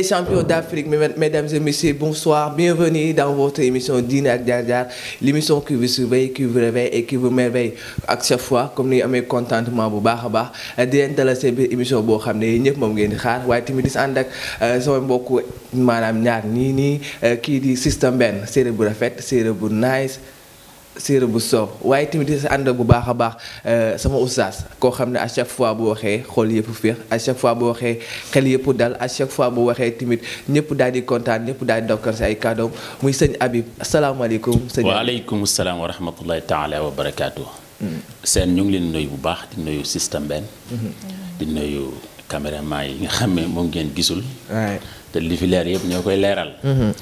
les champions d'Afrique mesdames et messieurs bonsoir bienvenue dans votre émission Diine ak Jaar Jaar l'émission qui vous surveille qui vous réveille et qui vous merveille ak chaque fois comme ni amee contentement bu baax a baax di leen dalal seen boo xam ne ñëpp moom ngeen di xaar waaye tamit di ànd ak euh, sama mbokk maanaam ñaar nii nii euh, kii di système benn séeréer bu rafet séeréer bu nice séeré bu soob waaye tamit di sa ànd bu baax a baax euh, sama oustaz koo xam ne à chaque fois bu waxee xool yëpp féex à chaque fois bu waxee xel yëpp dal à chaque fois bu waxee tamit ñëpp daal di kontaan ñëpp daal di dokkal si ay kàddoom muy sëñ Habib asalaamaaleykum. sëñ waaleykum salaam wa rahmatullahi taala wa barakaatu. Mm-hmm. seen ñu ngi leen nuyu bu baax di nuyu système benn. Mm-hmm. di nuyu caméraman yi nga xam ne moom ngeen gisul. te li fi leer yëpp ñoo koy leeral. Mm-hmm.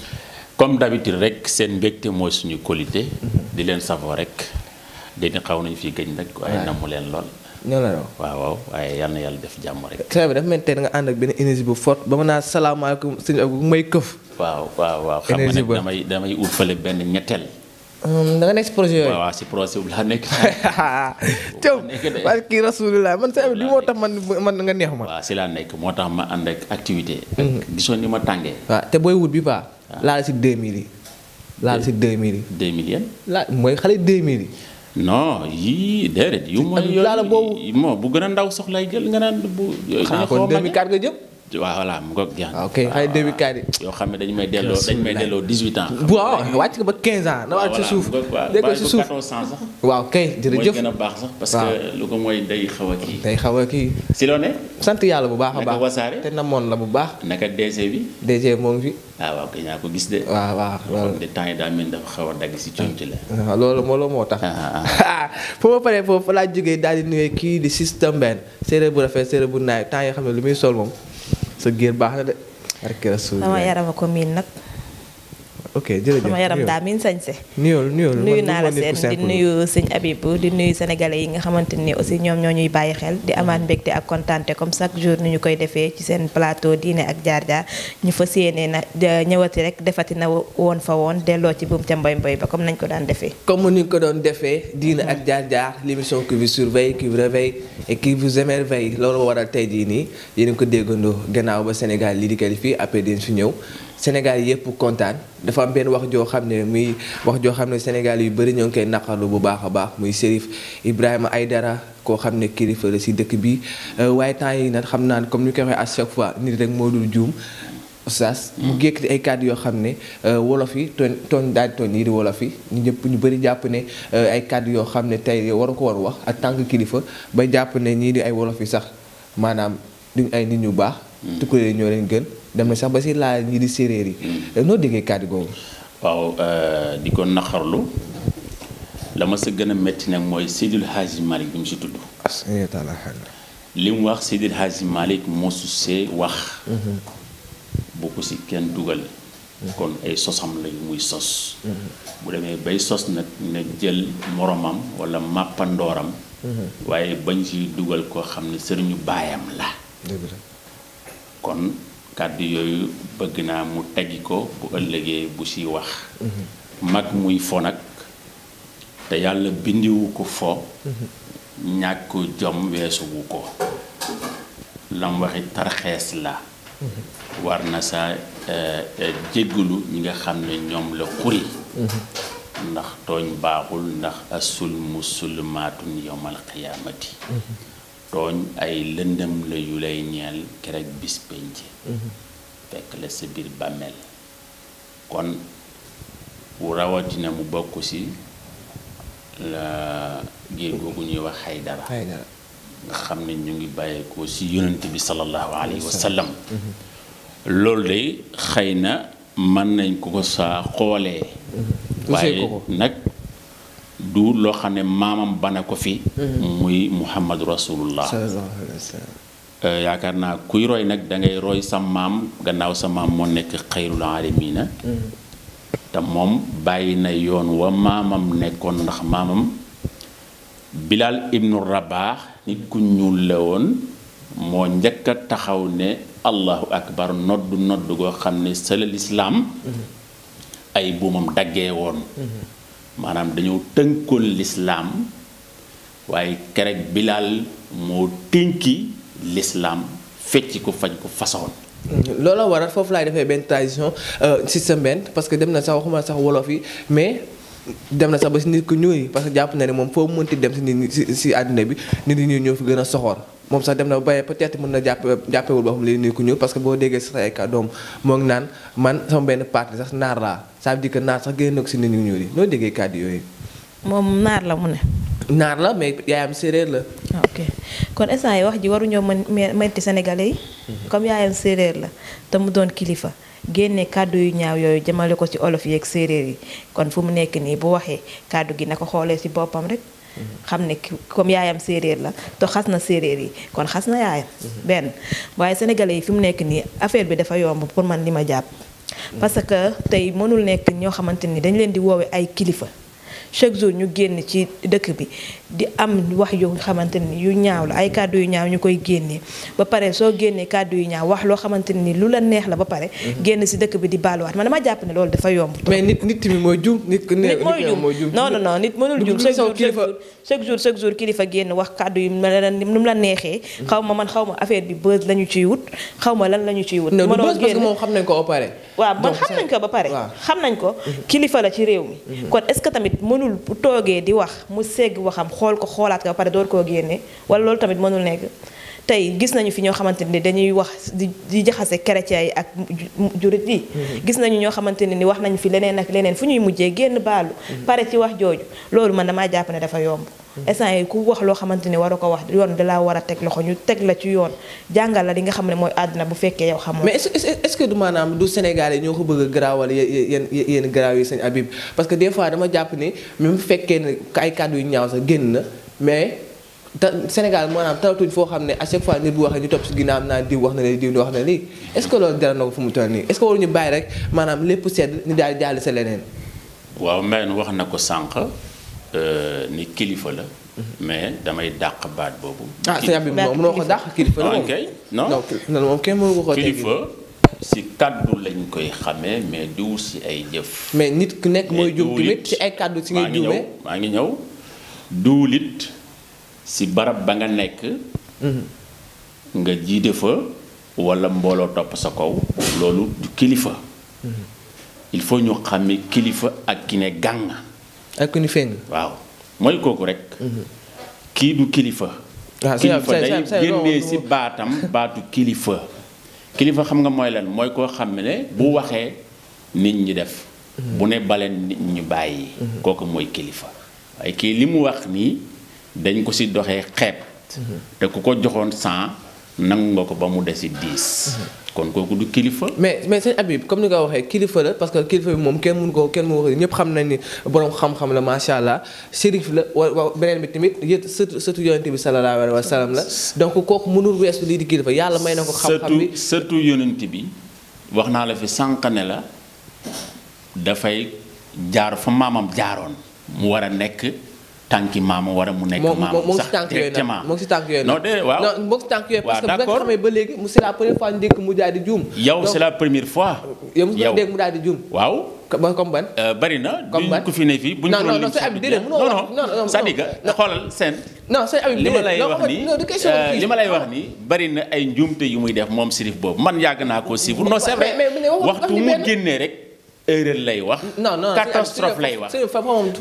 comme d'habitude rek seen mbégte mooy suñu qualité. di leen safoo rek dañu xaw nañu fi gëj nag. waaye namu leen lool. ñoo la waaw waaw waaye yal na yàlla def jàmm rek. très bien dafa mel benn énergie bu forte ba mën naa may këf. waaw waaw waaw xam nga nag damay damay ut fële benn ñetteel. da nga nekk projet yooyu. si projet bu laa nekk. Thiaw parce que rasulullah man sa li moo tax man man nga neex ma. waaw si laa nekk moo tax ma ànd ak activité. gisoon ni ma tàngee. waaw te booy wut bi paa. laal si 2000 yi. laal si 2000 yi. 2000 yan. la mooy xale 2000 yi. non yii déedéet yu mooy. laala boobu moo bu gën a ndaw soxlay jël nga naan bu. xanaa kon 2004 nga jëm. waaw voilà mu ah, yoo xam ne dañu may delloo dañu may delloo 18 ans. waaw wàcc nga ba 15 ans. na wàcc suuf dégg nga si waaw kay jërëjëf mooy gën a baax parce que lu ko mooy day xaw a day xaw a kii. si loo sant yàlla bu baax a baax naka wasaare. te namoon la bu baax. naka DG bi. DG moo ah, gis de. waaw waaw loolu de xaw a dagg si coom ci la. Ah, loolu moo moo tax. fu ma paree foofu laa jógee daal di nuyee kii di système benn séeréer bu rafet séeréer bu naay temps yi xam ne lu muy sol moom sa giir baax na de. sama yaram a ko miin nag. ok jërëjëf sama yaram daa miin sañse nuyool nuyool nuyu naa la seen di nuyu sëñ Habib di nuyu sénégalais yi nga xamante ni aussi ñoom ñoo ñuy bàyyi xel di amaat mbégte ak kontaante comme chaque jour ni ñu koy defee ci seen plateau diine ak jaar jaar ñu fas yéene na ñëwati rek defati na woon fa woon delloo ci buum ca mboy mboy ba comme nañ ko daan defee comme ni ñu ko doon defee diine ak jaar jaar l'émission qui vous surveille qui vous réveille et qui vous émerveille loolu waral tey nii yéen ko déggandoo gannaaw ba Sénégal lii di qualifié après dinañ fi Sénégal yëpp kontaan dafa am benn wax joo xam ne muy wax joo xam ne Sénégal yu bëri ñoo ngi koy naqarlu bu baax a baax muy Serif Ibrahima dara koo xam ne kilifa la si dëkk bi euh, waaye temps yi nag xam naa comme ñu koy waxee à chaque fois nit rek moo dul juum oustaz mu gékk di ay kàddu yoo xam ne euh, wolof yi tooñ tooñ daal tooñ yi di wolof yi ñu ñëpp bëri jàpp ne euh, ay kàddu yoo xam ne tey waru ko war wax ak tànk kilifa ba jàpp ne ñii di ay wolof yi sax maanaam duñ ay nit ñu baax tukuleel ñoo leen gën dem na sax ba si laa ñi di séeréer yi mm. eh, noo déggee kàddu googu waaw euh, di ko naqarlu la ma sa gën a métti nag mooy Seydil Hadji Malick bi mu si tudd eh, li mu wax Seydil Hadji Malick mosu see wax mm-hmm. bu ko si kenn dugal mm-hmm. kon ay sosam lañu muy sos mm-hmm. bu demee bay sos nag na jël moromam wala màppandooram waaye bañ si dugal koo xam ne sëriñu baayam la kon kàddu yooyu bëgg naa mu teggi ko bu ëllëgee bu ci wax mhm. mag muy fo nag te yàlla bindiwu ko fo mhm. ñàkk jom weesuwu ko lam tarxees la mhm. war na sa e, e, jéggalu ñi nga xam ne ñoom la xuri ndax tooñ baaxul ndax asul musulmaatun yowmal qiyaamati tooñ ay lëndëm la yu lay ñeel keroog bis penc mhm. fekk la sa biir bàmmeel kon bu rawatina mu bokk ci la géej googu ñuy wax xaydara nga xam ne ñu ngi bàyyeekoo ci yonent bi sallallahu alayhi wa sallam mhm. de xëy na mën nañ ko ko saa xoolee mhm. waaye nag du loo xam ne maamam bane ko fi. Mm-hmm. muy muhammadu rasulullah. Euh, yaakaar naa kuy roy nag dangay ngay roy sa maam gannaaw sa maam moo nekk xayrul aalamiina mm-hmm. te moom bàyyi na yoon wa maamam nekkoon ndax maamam Bilal ibnu Rabaax nit ku ñuul la woon moo njëkk a taxaw ne allahu akbar noddu noddu goo xam ne sëlal lislaam mm-hmm. ay buumam daggee woon. maanaam dañoo tënkoon lislaam waaye kerek bilaal moo tënki lislaam fecci ko fañ ko façon looloo waral foofu laay defee benn tradition euh, système benn parce que dem na sax waxuma sax wolof yi mais dem na sax ba si nit ku ñuul parce que jàpp na ne moom foo mënti dem si nit si àddina bi nit ñi ñëw fi gën a soxor moom sax dem na ba peut-être mun na jàpp jàppewul boppam li nuy ku ñuul parce que boo déggee sax ay kàddoom moo ngi naan man sama benn parti sax naar la ça veut dire que naar sax génn ñu ñuul yi noo déggee kàddu yooyu. moom naar la mu ne. naar la mais yaayam séeréer la. ok kon instant yi wax ji waruñoo mën metti sénégalais yi. Mhm. comme yaayam séeréer la te mu doon kilifa. génne kàddu yu ñaaw yooyu jëmale ko ci olof yeeg séeréer yi kon fu mu nekk nii bu waxee kàddu gi na ko xoolee ci boppam rek. xam ne comme yaayam séeréer la te xas na séeréer yi kon xas na yaayam benn waaye sénégalais yi fi mu nekk nii affaire bi dafa yomb pour man li ma jàpp parce que tey mënul nekk ñoo xamante ni dañ leen di woowe ay kilifa chaque jour ñu génn ci dëkk bi di am wax yu nga xamante ni yu ñaaw la ay kàddu yu ñaaw ñu koy génnee ba pare soo génnee kàddu yu ñaaw wax loo xamante ni lu la neex la ba pare. Mhm. génn si dëkk bi di baaluwaat man dama jàpp ne loolu dafa yomb. ma man xaw ma bi buzz la ñu ciy ma lan la ñu ciy xam nañ ko ba pare. waaw man xam nañ ko ba pare. xam nañ mhm. kilifa la ci réew mi. Mhm. kon est-ce que tamit mënul toogee di wax mu segg waxam xool ko xoolaat ko ba pare door koo génne wala loolu tamit mënul nekk tey gis nañu fi ñoo xamante ni dañuy wax di di jaxase chrétien yi ak jurit yi mm-hmm. gis nañu ñoo xamante ne ni wax nañu fi leneen ak leneen fu ñuy mujjee génn baalu mm-hmm. pare ci wax jooju loolu man damaa jàpp ne dafa yomb mm-hmm. instant yi ku wax loo xamante ni waru ko wax yoon dalaa war a teg loxo ñu teg la ci yoon jàngal la nga xam ne mooy àddina bu fekkee yow xamoo mais est-ce que du maanaam du Sénégal yi ko bëgg a garaawal yéen yéen garaaw yi parce que des fois dama jàpp ni même fekkee ne ay kàddu yu ñaaw sax génn na mais te Sénégal maanaam talatuñ foo xam ne a chaque fois nit bu waxee ñu topp si ginnaaw naan diw wax na lii diw wax na lii est ce que loolu dara na ko fu mu toll nii est ce bàyyi rek maanaam lépp sedd ni daal di jàll sa leneen. waaw Mbayeen wax na ko sànq euh, ni kilifa la. mais damay dàq baat boobu. ah sëñ bi ah, moom mënoo moom kenn mënu ko ko kilifa si kàddu lañ koy xamee mais diw si ay jëf. mais nit ku nekk mooy. juum tamit ci ay kàddu si ngay juumee ñëw maa ngi ñëw duulit si barab ba nga nekk nga jiite fa wala mbooloo topp sa kow loolu du kilifa il faut ñu xàmme kilifa ak ki ne gàng ak ki ne feng waaw mooy kooku rek kii du kilifa ah, kilifa day génnee si baatam baatu kilifa kilifa xam nga mooy lan mooy koo xam ne bu waxee nit ñi def bu ne baleen nit ñi bàyyi mm-hmm. kooku mooy kilifa waaye kii li mu wax nii dañ ko si doxee xeet mm-hmm. te ku ko joxoon cent nangu nga ko ba mu desi dix mm-hmm. kon kooku du kilifa. mais mais sëñ Habib comme ni nga waxee kilifa la parce que kilifa bi moom kenn mun koo kenn mun ko ñëpp xam nañ ni xam-xam la allah sérif la wa beneen bi tamit yë sëtu sëtu yonent bi sallallahu alayhi wa sallam la donc kooku mënul weesu lii di kilifa yàlla may na ko. xam-xam bi sëtu yonent bi wax naa la fi sànq la dafay jaar fa maamam jaaroon mu war a nekk. tànki maam war a mu nekk maam sax directement moom si tànk yooyu non de waaw moom si tànk yooyu parce que bu nga xamee ba léegi mu c'est la première fois ñu mu daal di juum yow c'est la première fois yow mu dégg mu daal di juum waaw comme ban euh, bari na duñ ko fi ne fii buñ ko non non c'est déedéet non non c'est-à-dire que li ma lay euh, wax nii bari na ay njuumte yu muy def moom sirif boobu man yàgg naa koo siifu non c'est vrai waxtu mu génnee rek erreur lay wax. non non catastrophe lay wax.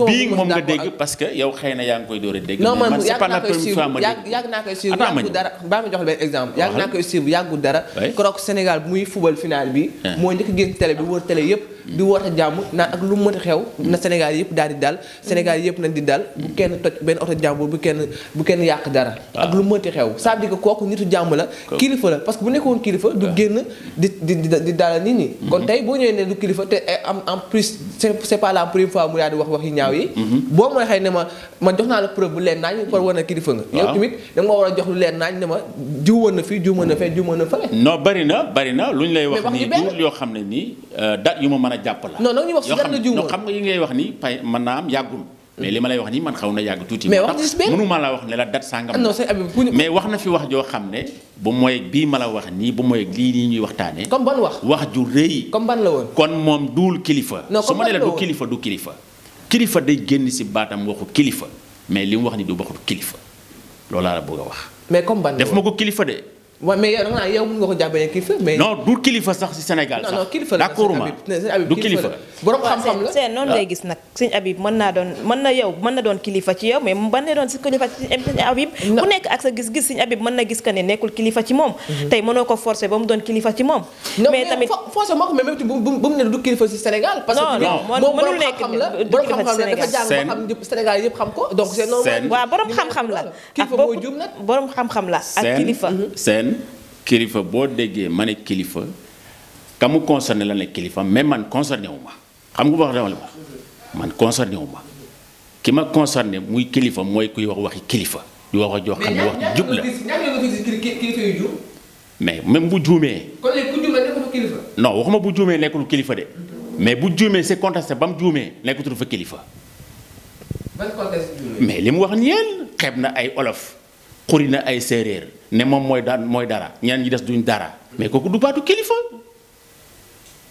bii moom nga dégg parce que yow xëy na yaa ngi koy door a dégg. non man c'est pas la première fois ma dégg yàgg naa koy suivre dara baa ma jox la benn exemple. yàgg naa koy dara. keroog Sénégal muy football final bi. moo njëkk génn télé bi wër télé yëpp. di woote jàmm naan ak lu mu mënti xew mm. na Sénégal yëpp daal di daal Sénégal yëpp nañ di daal mm. bu kenn toj benn oto jàmbur bu kenn bu kenn yàq dara ah. ak lu mu mënti xew ça veut dire kooku nitu jàmm la kilifa la parce que bu nekkoon kilifa du ah. génn di di di dalal mm-hmm. kon tey boo ñëwee ne du kilifa te eh, am en plus c'est pas la première fois mu daal di wax wax yi ñaaw yi mm-hmm. boo mooy xëy ne ma man jox naa la preuve bu leen naañ par war a kilifa nga yow ah. tamit danga war a jox lu leen naa ne ma jiwoon na fii jiwoon na fee jiwoon na fële na bari na lu ñu lay wax nii yoo xam ne nii euh, dat yu ma a a jàpp la. non ñuy wax si dara la jiw xam nga yi ngay wax ni pay mën naa am yàggul. Hmm. mais li ma lay wax nii man xaw na yàgg tuuti. mais wax la wax ne la date sangam. Ah, non ma la wax nii bu mooy lii nii ñuy waxtaanee. comme ban wax wax ju rëy. comme kon moom duul kilifa. su ma ne du kilifa du kilifa. kilifa day génn si baatam waxu kilifa mais li mu wax ni du waxu kilifa loolu laa la bëgg a wax. mais ma ko kilifa de waaw mais yow da nga mun nga ko jàppee kilifa mais. non du kilifa sax ci Sénégal sax. non non kilifa la d'accord ma du kilifa. xam-xam la naa doon mën na yow mën na doon kilifa ci yow mais ban ne doon si kilifa ci gis-gis sëñ Habib mën na gis que ne nekkul kilifa ci moom. Mhm. tey mënoo ko forcer ba mu doon kilifa ci moom. mais tamit forcer moo ko mais même bu mu ne du kilifa ci Sénégal. parce que moom mënul nekk du kilifa xam-xam la borom xam kilifa boo déggee mane kilifa ka mu concerné la ne kilifa mais man concerné wu ma xam nga wax dama la man concerné wu ma ki ma concerné muy kilifa mooy kuy wax waxi kilifa di wax joo xam ne wax jub la mais même bu juumee. kon léegi bu waxuma bu juumee nekkatul kilifa de mais bu juumee c'est contesté ba mu juumee nekkatul fa kilifa. mais li mu wax ñeel xeeb na ay olof xuri na ay séeréer. ne moom mooy daan mooy dara ñeneen ñi des duñ dara mais kooku du baatu kilifa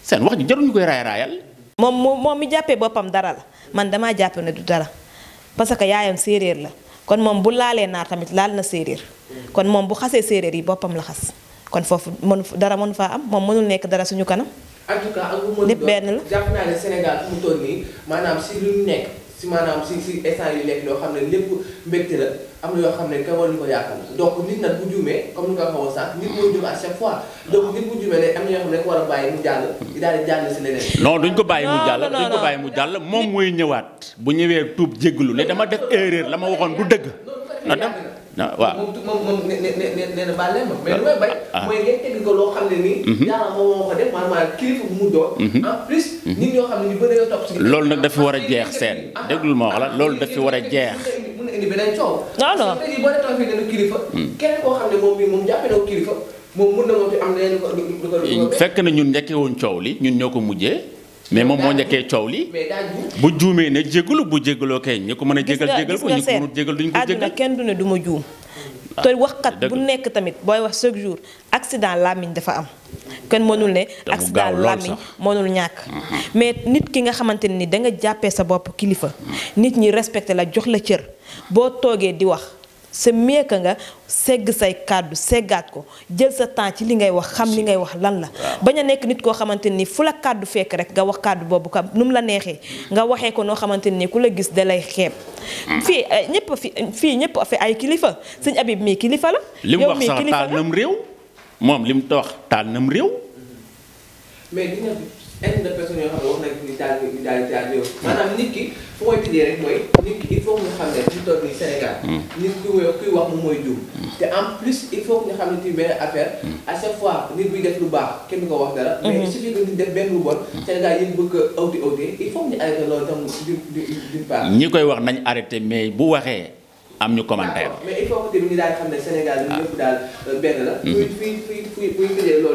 seen wax ji jarul ñu koy raay raayal. moom moom moom mi jàppee boppam dara la man damaa jàpp ne du dara parce que yaayam séeréer la kon moom bu laalee naa tamit laal na séeréer kon moom bu xasee séeréer yi boppam la xas kon foofu mënu dara mënu faa am moom mënul nekk dara suñu kanam. lépp benn la jàpp naa ne Sénégal fu toll nii maanaam si lu nekk si maanaam si si instant yu nekk loo xam ne am na yoo xam ne kenn waruñu ko yàqal nit nag bu juumee comme ni nga ko waxee sànq nit mooy juum à chaque fois donc bu juumee ne am na yoo xam ne ko war a bàyyi mu jàll di daal di jàll si leneen. ko bàyyi mu jàll duñ ko bàyyi mu jàll moom mooy ñëwaat bu ñëwee tuub jéggalu ne dama def la ma waxoon du dëgg. waaw moom moom leen ma. mais lu may bañ. Ah. mooy ngeen tegg ko loo xam ne nii. Mhm. yàlla moom moo ko def maanaam mhm. mhm. ne ñu bëri yoo topp loolu nag dafa ah, war a jeex ah, seen. déglul ma wax la loolu dafa war a jeex. indi beneen hmm. na fekk na ñun njëkkee woon coow li ñun ñoo ko mujjee. mais moom moo njëkkee coow li bu juumee ne jégalu bu jégaloo kay ñi ko mën a jégal jégal ko ñi ko mënut jégal duñ ko jégal kenn du ne du ma juum ah, te waxkat bu nekk tamit booy wax chaque jour accident làmmiñ dafa am kenn mënul ne accident làmmiñ mënul ñàkk mm-hmm. mais nit ki nga xamante ni da nga jàppee sa bopp kilifa nit ñi respecté la jox la cër boo toogee di wax c'est mieux que nga segg say kàddu seggaat ko jël sa temps ci li ngay wax xam li ngay wax lan la bañ a nekk nit koo xamante ni fu la kàddu fekk rek nga wax kàddu boobu kam nu mu la neexee nga waxee ko noo xamante ni ku la gis dalay xeeb mm-hmm. fii eh, ñëpp fii ñëpp fi ay kilifa sëñ Habib mii kilifa la yow mii kilifa la réew moom li tox wax taal nam réew. mais gis nga indi personne yoo xam ne wax nañu ni taal bi daal di taal réew. maanaam nit ki fu hmm. kuy wax mu mooy juum. Hmm. te en plus il faut que nga xam ne ci benn affaire. Hmm. à chaque fois nit buy def lu baax kenn ko wax dara. mais il suffit que nit def benn lu bon. Sénégal yéen bëgg a awti awti il faut que ñu loolu tam du du du part. ñi koy wax nañ arrêté mais bu waxee. am ñu commentaire. mais il faut que tamit ñu daal xam ne Sénégal ñëpp daal euh, benn la. Mm-hmm.